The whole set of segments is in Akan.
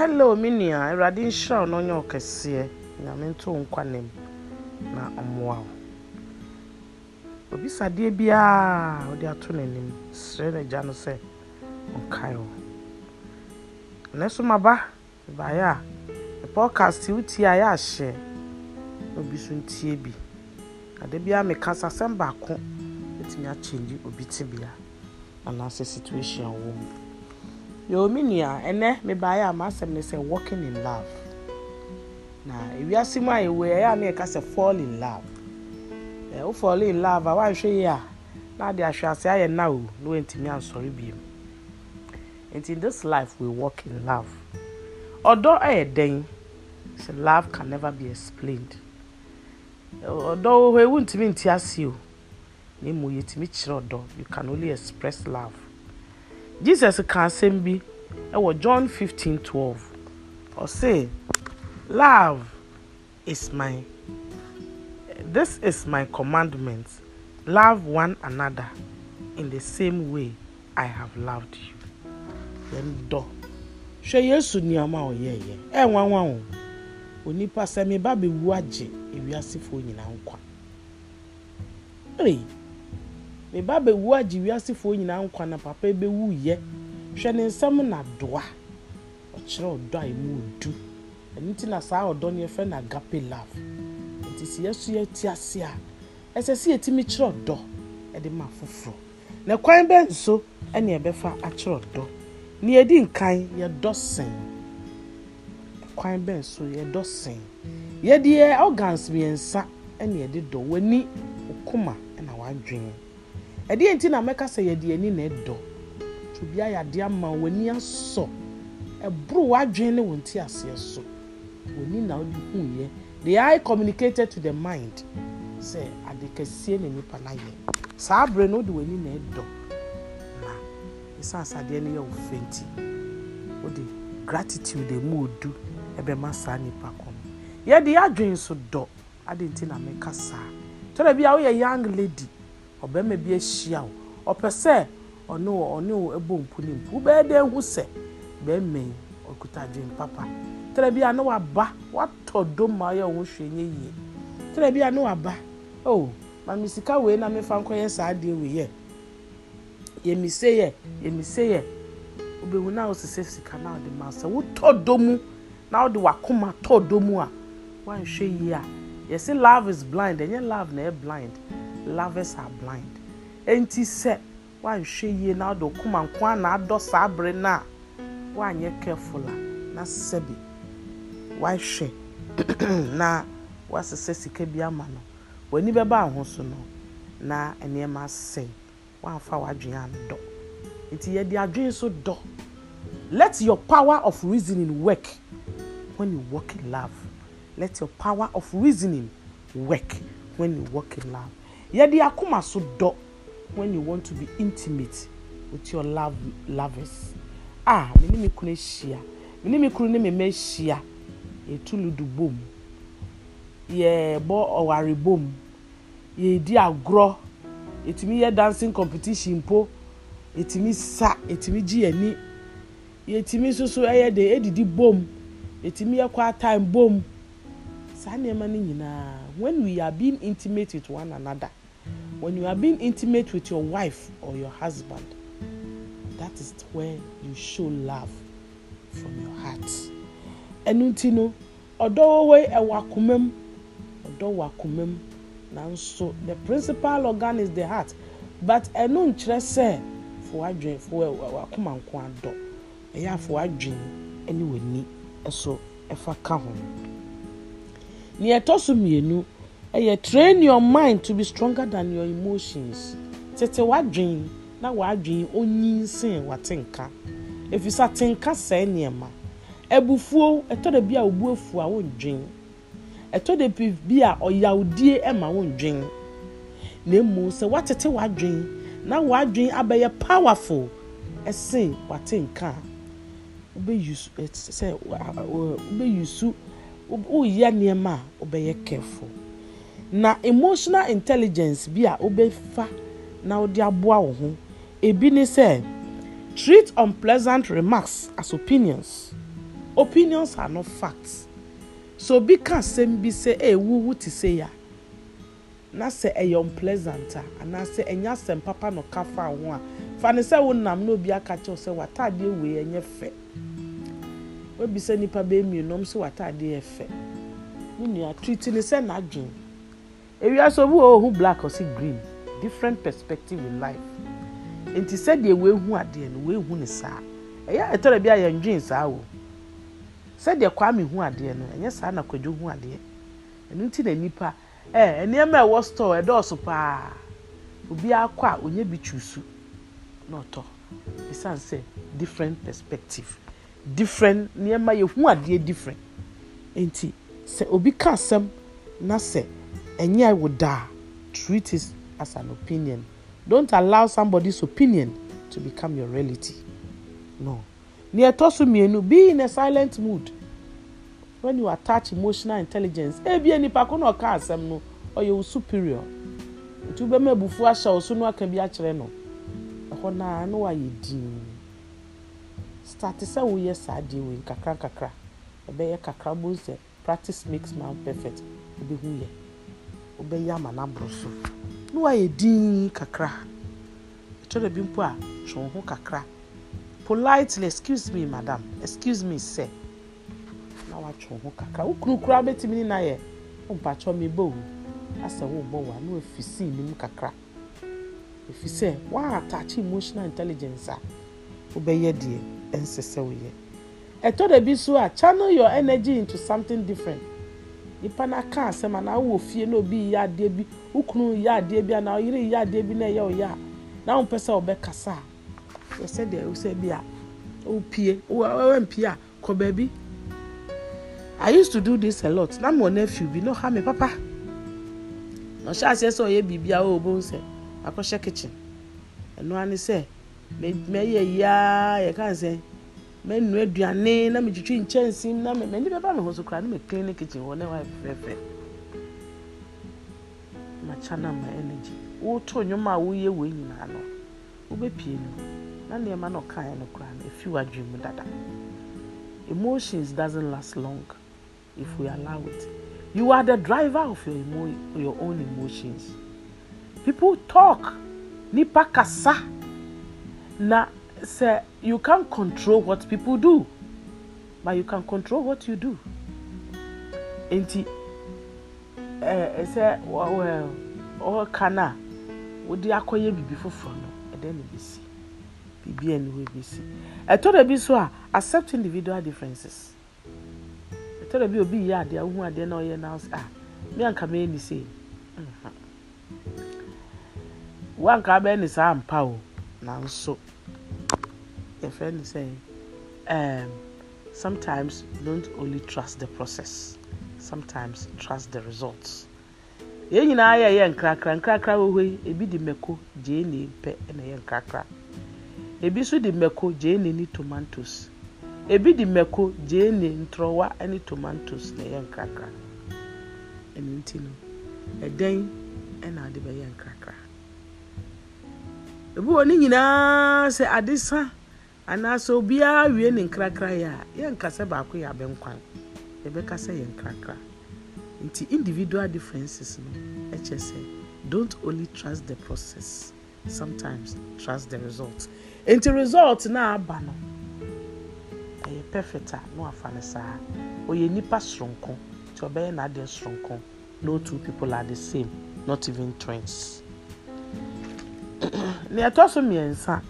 hello me nua awurade nhyira wo na ɔnyɛ ɔkɛseɛ nyame nto wo nkwa nam na ɔmmoa wo obisadeɛ biara wode ato n'anim srɛ no agya no sɛ ɔnkae wo ɛnɛ so maba baeɛ a podcast wotie a yɛahyɛ na obi so ntie bi ade biara meka sa sɛm baako ɛtumi akyɛngye obi tebea anaasɛ situation a wɔ mu yɛomi nua ɛnɛ mebaeɛ a m'asɛm ne sɛ walking in love na ewiase mu a yɛwɔ ɛyɛ a ne yɛka sɛ fall in love ɛɛ e, o fall in love a wanhwɛ yie a na ade ahwɛ ase ayɛ na No na wɔntumi ansɔre biem nti in this life we walk in love ɔdɔ ɛyɛ dɛn sɛ love can never be explained ɔdɔ wɔ hɔ ewu ntumi nti ase o na emu yɛtumi kyerɛ ɔdɔ you can only express love jesus ka asɛm bi ɛwɔ john 15:12 ɔse love is my this is my commandment love one another in the same way i have loved you yɛn dɔ hwɛ yesu nneɛma yɛ ɔyɛɛyɛ ɛnwanwa o onipa sɛ meba bɛwu agye ewiasefoɔ nyinaa nkwa ee. Hey. meba abɛwu agye wiasefoɔ nyinaa nkwa na papa bɛwu yɛ hwɛ ne nsɛm na doa ɔkyerɛ ɔdɔ a ɛmu odu ɛno nti na saa ɔdɔ no yɛfrɛ no agape love nti sɛ yɛso yɛte ase a ɛsɛ sɛ yɛtumi kyerɛ ɔdɔ ɛde ma foforɔ na kwan bɛ nso ɛne ɛbɛfa akyerɛ ɔdɔ ne yɛdi nkan yɛdɔ sen kwan bɛ nso yɛdɔ sen yɛde yɛ organs mmiɛnsa ɛne yɛde dɔ w'ani okoma ɛna w'adwene. ɛdeɛ nti na mɛka sɛ yɛde ani na ɛdɔ obi ayɛ adeɛ ama w'ani asɔ ɛboro w'adwene ne wɔn ti aseɛ so w'ani na ɔde hu yɛ the eye communicated to the mind sɛ ade kɛseɛ na nipa na yɛ saa abere no ɔde w'ani na ɛdɔ na esan asadeɛ no yɛ ofe nti ɔde gratitude emu odu ɛbɛma saa nipa kɔn yɛde adwene nso dɔ ade nti na mɛka saa tɔrɔ bi a ɔyɛ young lady ɔbɛrima bi ahyia wo ɔpɛ sɛ ɔne wo ɔne wo ɛbɔ mpu ne mpu bɛyɛ dɛ ehu sɛ bɛrima yi ɔkuta dwen papa tẹrẹ bi a ne waba watɔ dom ma ɔyɛ ɔho hwɛ nye yie tẹrɛ bi a ne waba o oh, maame sika wei na mefa nkɔ yɛ saa adeɛ wei yɛ yɛmise yɛ yɛmise yɛ obehu na ɔsesɛ sika na ɔde ma sɛ wotɔ dom na ɔde wakoma tɔ dom a wanhwɛ yie a yɛsi love is blind ɛnyɛ love na ɛyɛ blind. lovers are blind enti sɛ wahwɛ yie na ɔde ɔkumanko a naadɔ saa abere no a wanyɛ careful a na sɛbi wahwɛ na wasesɛ sika bi ama no w'ani bɛba a so no na nneɛma asɛe wamfa w'adwene andɔ nti yɛde adwene so dɔ let your power of reasoning work when you work in love let your power of reasoning work when you work in love yɛde akoma so dɔ when you want to be intimate with your love lovers a me ne me kunu ahyia me ne me kunu ne me mma ahyia yɛtu ludu bom yɛbɔ ɔware bom yɛdi agorɔ yɛtumi yɛ dancing competition mpo yɛtumi sa yɛtumi gye yɛni yɛtumi nso so ɛyɛ de ɛdidi bom yɛtumi yɛ kɔ atime bom saa nneɛma no nyinaa when we are being intimate with one another when you are being intimate with your wife or your husband, that is where you show love from your heart. Ɛnu ti no, ɔdɔ wɔwɔ ɛwɔ akoma mu, ɔdɔ wɔ akoma mu, the principal organ is the heart, but ɛnu nkyerɛ sɛ fo adwene fo ɛwɔ akoma nko adɔ, ɛyɛ afo adwene ɛne wɔn ani ɛso ɛfa ka ho. Nea ɛtɔ so mmienu. ɛyɛ train your mind to be stronger than your emotions tete wadwin na wadwin onyinsin watenka Efisa tenka sɛɛ nneɛma ebufuo ɛtɔ de bi a obu efu a wondwin ɛtɔ de bi a ɔyawdie ɛma wondwin na emu sɛ watete wadwin na wadwin abɛyɛ powerful ɛsen watenka wobɛyusu sɛ wobɛyusu woyɛ nneɛma a wobɛyɛ careful. na emotional intelligence bi a wobɛfa na wode aboa wo ho ebi ne sɛ treat unpleasant remarks as opinions opinions are not facts so obi ka asɛm bi sɛ ewu eh, wu te se ya na sɛ ɛyɛ unpleasant a anaasɛ ɛnyɛ asɛm papa no ka fa ho a fa ne sɛ wo nam na obi aka kyɛw sɛ w'ataadeɛ wei ɛnyɛ fɛ webisa nipa bɛyɛ mmienu ɔmo sɛ w'ataadeɛ yɛ fɛ ne nua treat ne sɛ n'adwene ewia so obi wɔ hu black ɔsi green different perspective in life nti sɛdeɛ wehu adeɛ no wehu ne saa ɛyɛ ɛtɔrɔ bi a yɛn dwen saa wɔ sɛdeɛ kwame hu adeɛ no ɛnyɛ saa na kwadwo hu adeɛ ɛnu ti na nipa ɛɛ e, nneɛma ɛwɔ store ɛdɔɔso paa obi akɔ a onye bi tuusu na ɔtɔ esan sɛ different perspective different nneɛma yɛ hu adeɛ different nti sɛ obi ka asɛm na sɛ ɛnyɛ ɛwɔ daa treat it as an opinion don't allow somebody's opinion to become your reality no nea ɛtɔ so mmienu be in a silent mood when you attach emotional intelligence ebi nipa ko na ɔka asɛm no ɔyɛ o superior nti bɛma ebufu ahyɛ o so no aka bi akyerɛ no ɛhɔ naa no wayɛ dinn start sɛ woyɛ saa deɛ wei nkakra nkakra ɛbɛyɛ kakra bo sɛ practice makes man perfect ebi hu yɛ wobɛyɛ ama no aboro so na woayɛ din kakra ɛkyerɛ bi mpo a twɛn ho kakra politely excuse me madam excuse me sɛ na woatwɛn ho kakra wo kunu koraa bɛtumi ne nayɛ wompakyɛ mebɔ wo asɛ worebɔ wo a na wafi sii nim kakra ɛfiri sɛ woaataakye emotional intelligence a wobɛyɛ deɛ ɛnsɛ sɛ woyɛ ɛtɔ da bi so a channel your energy into something different nipa na ka asɛm na wowɔ fie na obi yɛ adeɛ bi yɛ adeɛ bi anaa ɔyere yɛ adeɛ na ɛyɛ ɔyɛ a na a deɛ bi a a kɔ baabi i used to do this a lot na mo nephew bi na ɔha mi papa na ɔhyɛ aseɛ mɛnu aduane na metwitwi nkyɛnse na m'ani bɛba me ho so koraa na mɛklen ne kitchen hɔ na wayɛ fɛfɛ makya na ma energy woto nnwom a woyɛ wei nyinaa no wobɛpie no na nneɛma na ɔkaeɛ no koraa no ɛfi w'adwen mu dada emotions doesn't last long if we allow it you are the driver of your, emo your own emotions people talk nipa kasa na sɛ you can't control what people do but you can control what you do nti ɛɛ sɛ wɔɔ ɔɔka no a wɔde akɔyɛ biribi foforɔ no ɛdɛn na ebesi biribi a ɛnu hɔ ebesi ɛtɔ eh, da bi so a accept individual differences ɛtɔ eh, da bi obi yɛ adeɛ ahu adeɛ na ɔyɛ na ɔsɛ a mi anka mɛ ni se mhm. wanka bɛ ni saa mpa o nanso your friend is saying, um, sometimes don't only trust the process, sometimes trust the results. yɛn nyinaa yɛ yɛ nkrakra nkrakra wɔ ebi de mako gyee mpɛ na yɛ nkrakra ebi nso de mako gyee ne tomatoes ebi de mako gyee ne ne tomatoes na yɛ nkrakra ɛnu nti no ɛdɛn na ade bɛyɛ nkrakra ebi wɔ ne nyinaa sɛ ade sa anaasɛ obiara wie ne nkrakra yɛ a yɛnkasɛ baako yɛ abɛnkwan yɛbɛka sɛ yɛ nkrakra nti individual differences no ɛkyɛ sɛ don't only trust the process sometimes trust the result nti result na aba no ɛyɛ perfect a na wafa no saa ɔyɛ nipa soronko nti ɔbɛyɛ n'adeɛ soronko no two people are the same not even twins Ne ɛtɔ so mmiɛnsa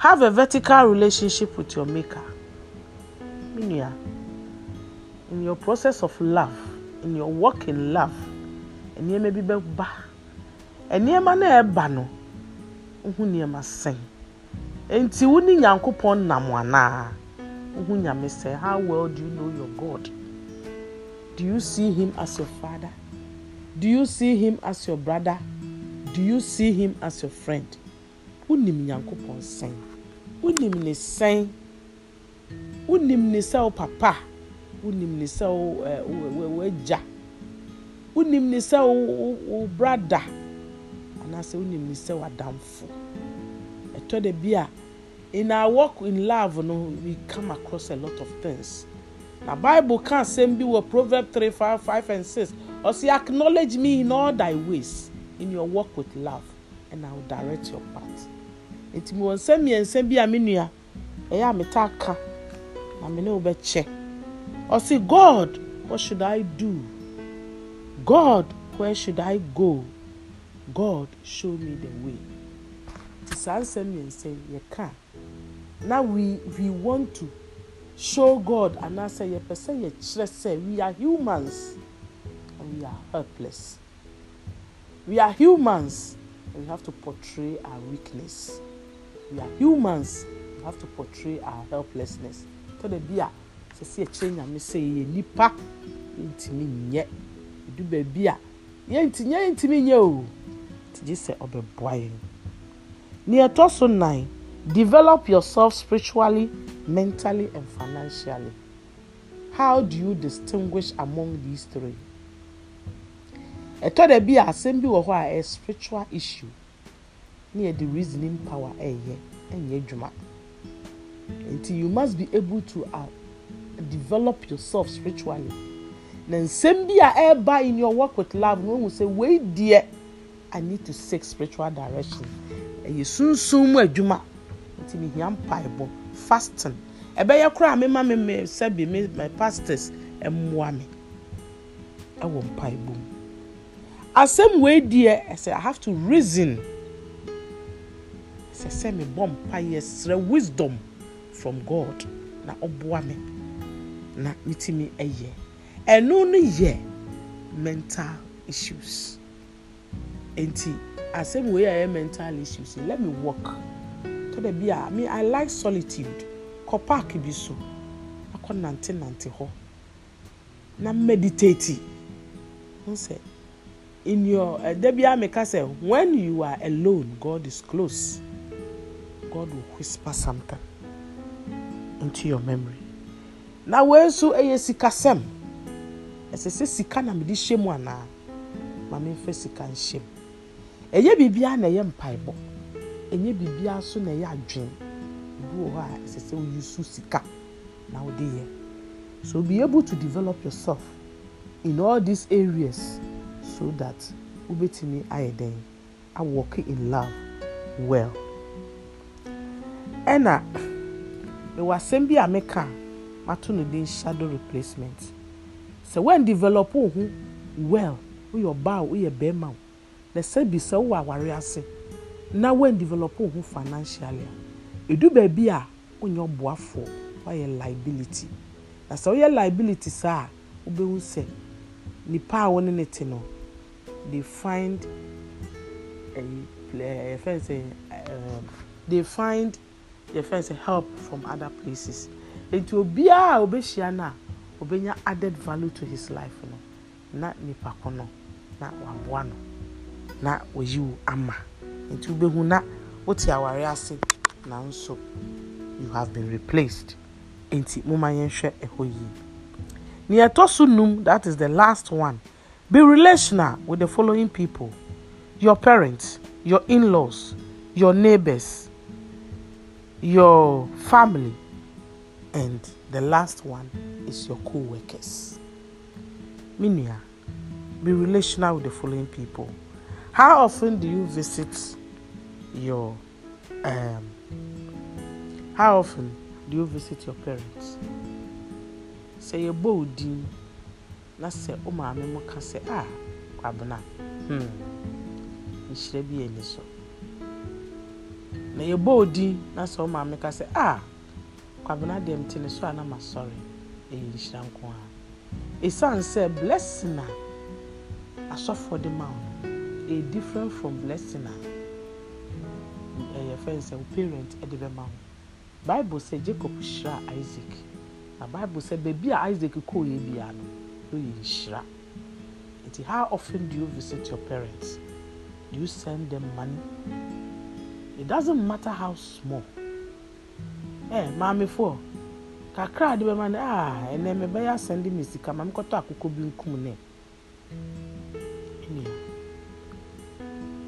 have a vertical relationship with your maker meaning in your process of love in your work in love nneɛma bi bɛba nneɛma na ɛba no wohu nneɛma sɛn nti wo ne nyankopɔn nam anaa wohu nyame sɛn how well do you know your god do you see him as your father do you see him as your brother do you see him as your friend wonim nyankopɔn sɛn wonim ne sɛn wonim ne sɛ wo papa wonim ne sɛ wo w'agya wonim ne sɛ wo brada anaasɛ wonim ne sɛ w'adamfo ɛtɔ da bi a in our work in love no we come across a lot of things na bible kan sɛm bi wɔ proverb three five five and six ɔsi acknowledge me in all thy ways in your work with love and i will direct your path nti mi wɔ nsa mmiɛnsa bi a me nua ɛyɛ a me ta aka na me ne wo bɛkyɛ ɔsi god what should i do god where should i go god show me the way nti saa nsa mmiɛnsa yɛ ka na we we want to show god anaasɛ yɛpɛ sɛ yɛkyerɛ sɛ we are humans and we are helpless we are humans and we have to portray our weakness we are humans we have to portray our helplessness tọ́ dẹ̀ bi a sẹ́sẹ́ ẹ̀kyẹ́ nyame sẹ́ yẹ nípa yẹ́ntìmí nyẹ edu baabi a yẹ́ntìmí yẹ́ntìmí nyẹ o tìjì sẹ́ ọbẹ̀ bọ́ ní ẹ̀tọ́ so nine develop yourself spiritually mentally and financially how do you distinguish among these three ẹ̀tọ́ dẹ̀ bi a asẹ́m bi wɔ hɔ a ẹ̀ spiritual issue na yɛde reasoning power ɛɛyɛ ɛnyɛ adwuma nti you must be able to uh, develop yourself spiritually na nsɛm bi a ɛɛba in your work with love no ohun sɛ wei deɛ i need to seek spiritual direction ɛyɛ sunsun mu adwuma nti mi hia mpaebɔ fasting ɛbɛyɛ koraa mi ma me mi sɛbi me my pastors ɛmoa mi ɛwɔ mpaebɔ mu asɛm wei deɛ ɛsɛ i have to reason sɛ me bɔ mpa yɛsrɛ wisdom from god na ɔboa me na metumi ɛyɛ ɛno no yɛ mental issues nti asɛm wei a ɛyɛ mental issues let me work tɔdɛ bi a me i like solitude kɔ park bi so akɔ nante nante hɔ na meditate n sɛ in your ɛdɛ uh, eh, bi a sɛ when you are alone god is close. God will whisper something into your memory. Na wee nso yɛ sikasɛm. Ɛsɛ sɛ sika na mede hyɛ mu anaa? Ma memfa sika nhyɛ mu. Ɛyɛ biribiara na ɛyɛ mpaebɔ. Ɛnyɛ biribiara nso na ɛyɛ adwene. Ebi wɔ hɔ a ɛsɛ sɛ woyi so sika na wode yɛ. So be able to develop yourself in all these areas so that wobɛtumi ayɛ dɛn? I walk in love well ɛna mewɔ asɛm bi a meka mato no din shadow replacement sɛ wɔn develop wo ho well woyɛ ɔbaa woyɛ bɛrima o na sɛ bi sɛ wowɔ aware ase na wɔn develop wo ho financially a edu baabi a wonyɛ ɔboafoɔ wɔyɛ liability na sɛ woyɛ liability saa a wobɛhu sɛ nipa a wɔne ne te no they find ɛyɛ eh, fɛn sɛ ɛɛ eh, they find yɛfrɛ sɛ help from other places nti obiara a obɛhyia no a obɛnya added value to his life no na nipa ko no na waboa no na wayi wo ama nti wobɛhu na wote aware ase nanso you have been replaced nti moma yɛnhwɛ ɛhɔ yie nea ɛtɔ so num that is the last one be relational with the following people your parents your in-laws your neighbors your family, and the last one is your co workers. Minia, be relational with the following people. How often do you visit your um, how often do you visit your parents? Say your body na sɛ wo oh, maame mo ka sɛ a ah, kwabena hmm nhyira bi ani so na yɛbɔ odi na sɛ ɔma me ka sɛ a kwabena deɛ mte ne so a na masɔre ɛyɛ nhyira nko a ɛsiane sɛ blessing a asɔfoɔ de ma wo no different from blessing a ɛyɛ fɛn sɛ wo parent ɛde bɛma wo bible sɛ jacob hyira isaac na bible sɛ baabi a isaac kɔɔ yɛ biara no ɔyɛ nhyira nti how often do you visit your parents do you send them money it doesn't matter how small eh maamefoɔ kakra de ma no a ah, ɛnɛ mebɛyɛ asɛnde me sika ma mekɔtɔ akokɔ bi nkum ne ɛnea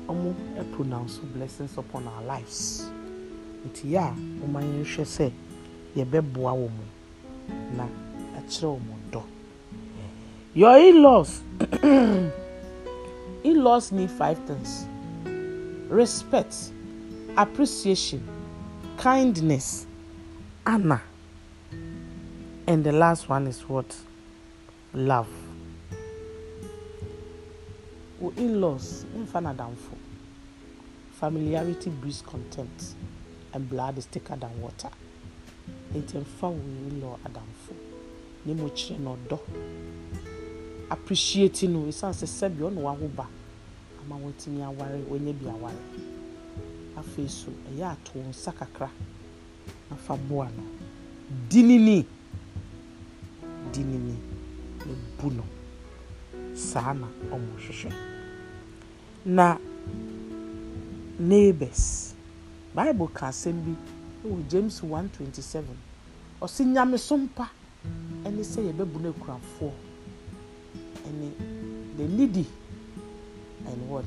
ɔmo pronounce blessings upon our lives nti yɛ a ɔma yɛnhwɛ sɛ yɛbɛboa wɔ mu na ɛkyerɛ wɔ mu dɔ your in-laws in-laws need five things respect appreciation, kindness, honor. And the last one is what? Love. Wo in-laws, mfanadamfo. Familiarity breeds contempt and blood is thicker than water. Nti mfa wo in-law adamfo. Ne mo kyerɛ no dɔ. Appreciate no, esan sɛ sɛbi ɔno waho ba ama wɔtumi aware wɔnyɛ bi aware afei so ɛyɛ ato nsa kakra na fa boa no di nini di nini na no saa na wɔhwehwɛ na neighbors bible ka asɛm bi wɔ james 127 ɔsi nyameso mpa ɛne sɛ yɛbɛbu no akurafoɔ ɛne the needy and what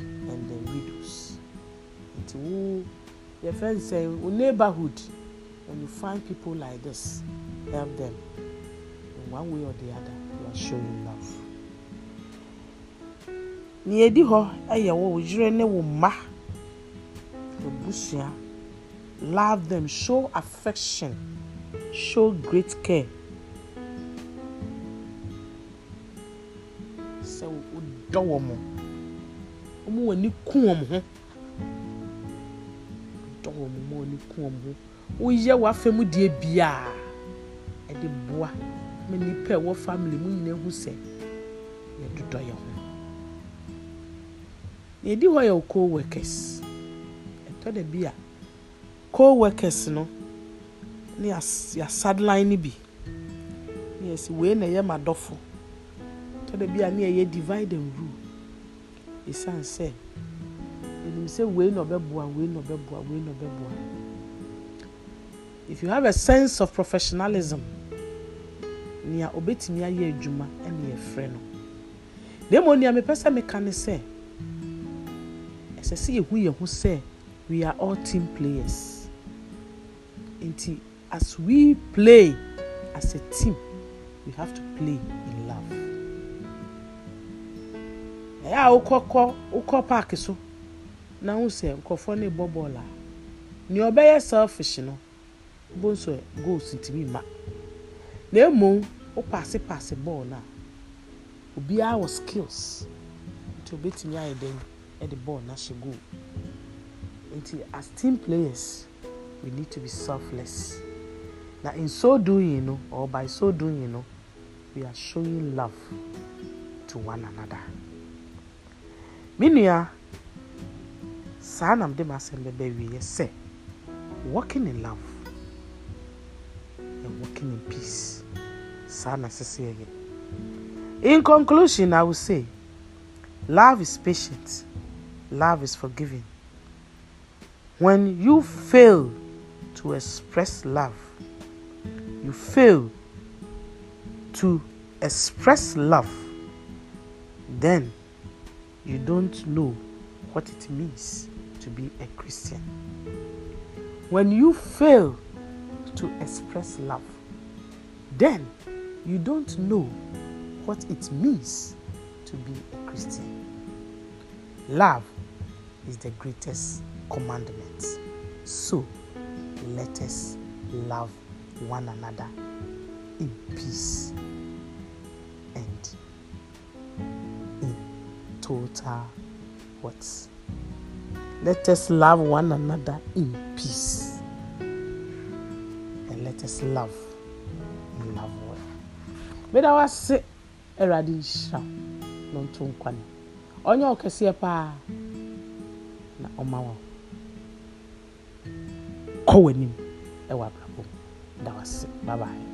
and the widows nti wo yɛfrɛ n sɛ wo neighborhood when you find people like this help them in one way or the other you are showing love. nea edi hɔ yɛ wo wo yere ne wo mma wo busua love them show affection show great care. sɛ wodɔ wɔn wɔn wɔ ani ku wɔn ho wɔ wɔn ma wɔn ku wɔn ho woyɛ w'afɛm deɛ biara ɛde boa ma nipa ɛwɔ family mu nyinaa ho sɛ yɛdodɔ yɛn ho na yɛdi hɔ yɛ co-workers ɛtɔ da bi co-workers no ne yɛasadeline no bi ne yɛsi wei na ɛyɛ m'adɔfo ɛtɔ da bi a ne yɛyɛ divide and rule ɛsiane sɛ sɛ wei na ɔbɛboa wei na ɔbɛboa wei na ɔbɛboa if you have a sense of professionalism nea obetumi ayɛ adwuma ɛna yɛfrɛ no na mmom nea mepɛ sɛ meka ne sɛ ɛsɛ sɛ yɛhu yɛn ho sɛ we are all team players nti as we play as a team we have to play in love ɛyɛ a wokɔkɔ wokɔ paaki so na ho sɛ nkɔfoɔ no rebɔ bɔɔlo a nea ɔbɛyɛ selfish no bo nso e, goals ntumi mma na mmom wo paase paase bɔɔl no a obiara wɔ skills nti obetumi ayɛ dɛn ɛde e bɔɔl no ahyɛ goal nti as team players we need to be selfless na in so doing no or by so doing no we are showing love to one another. Me nua saa na mede m'asɛm bɛbɛ wieɛ sɛ working in love and working in peace saa na sese again. in conclusion i will say love is patient love is forgiving when you fail to express love you fail to express love then you don't know what it means to be a Christian. When you fail to express love, then you don't know what it means to be a Christian. Love is the greatest commandment. So let us love one another in peace and in total what Let us love one another in peace. And let us love and love well. Meda wase Awurade nhyira no nto nkwa ne. Ɔnyɛ ɔkɛseɛ e paa na ɔma wɔ. Kɔ e w'anim ɛwɔ abrabɔ Da wase. Bye bye.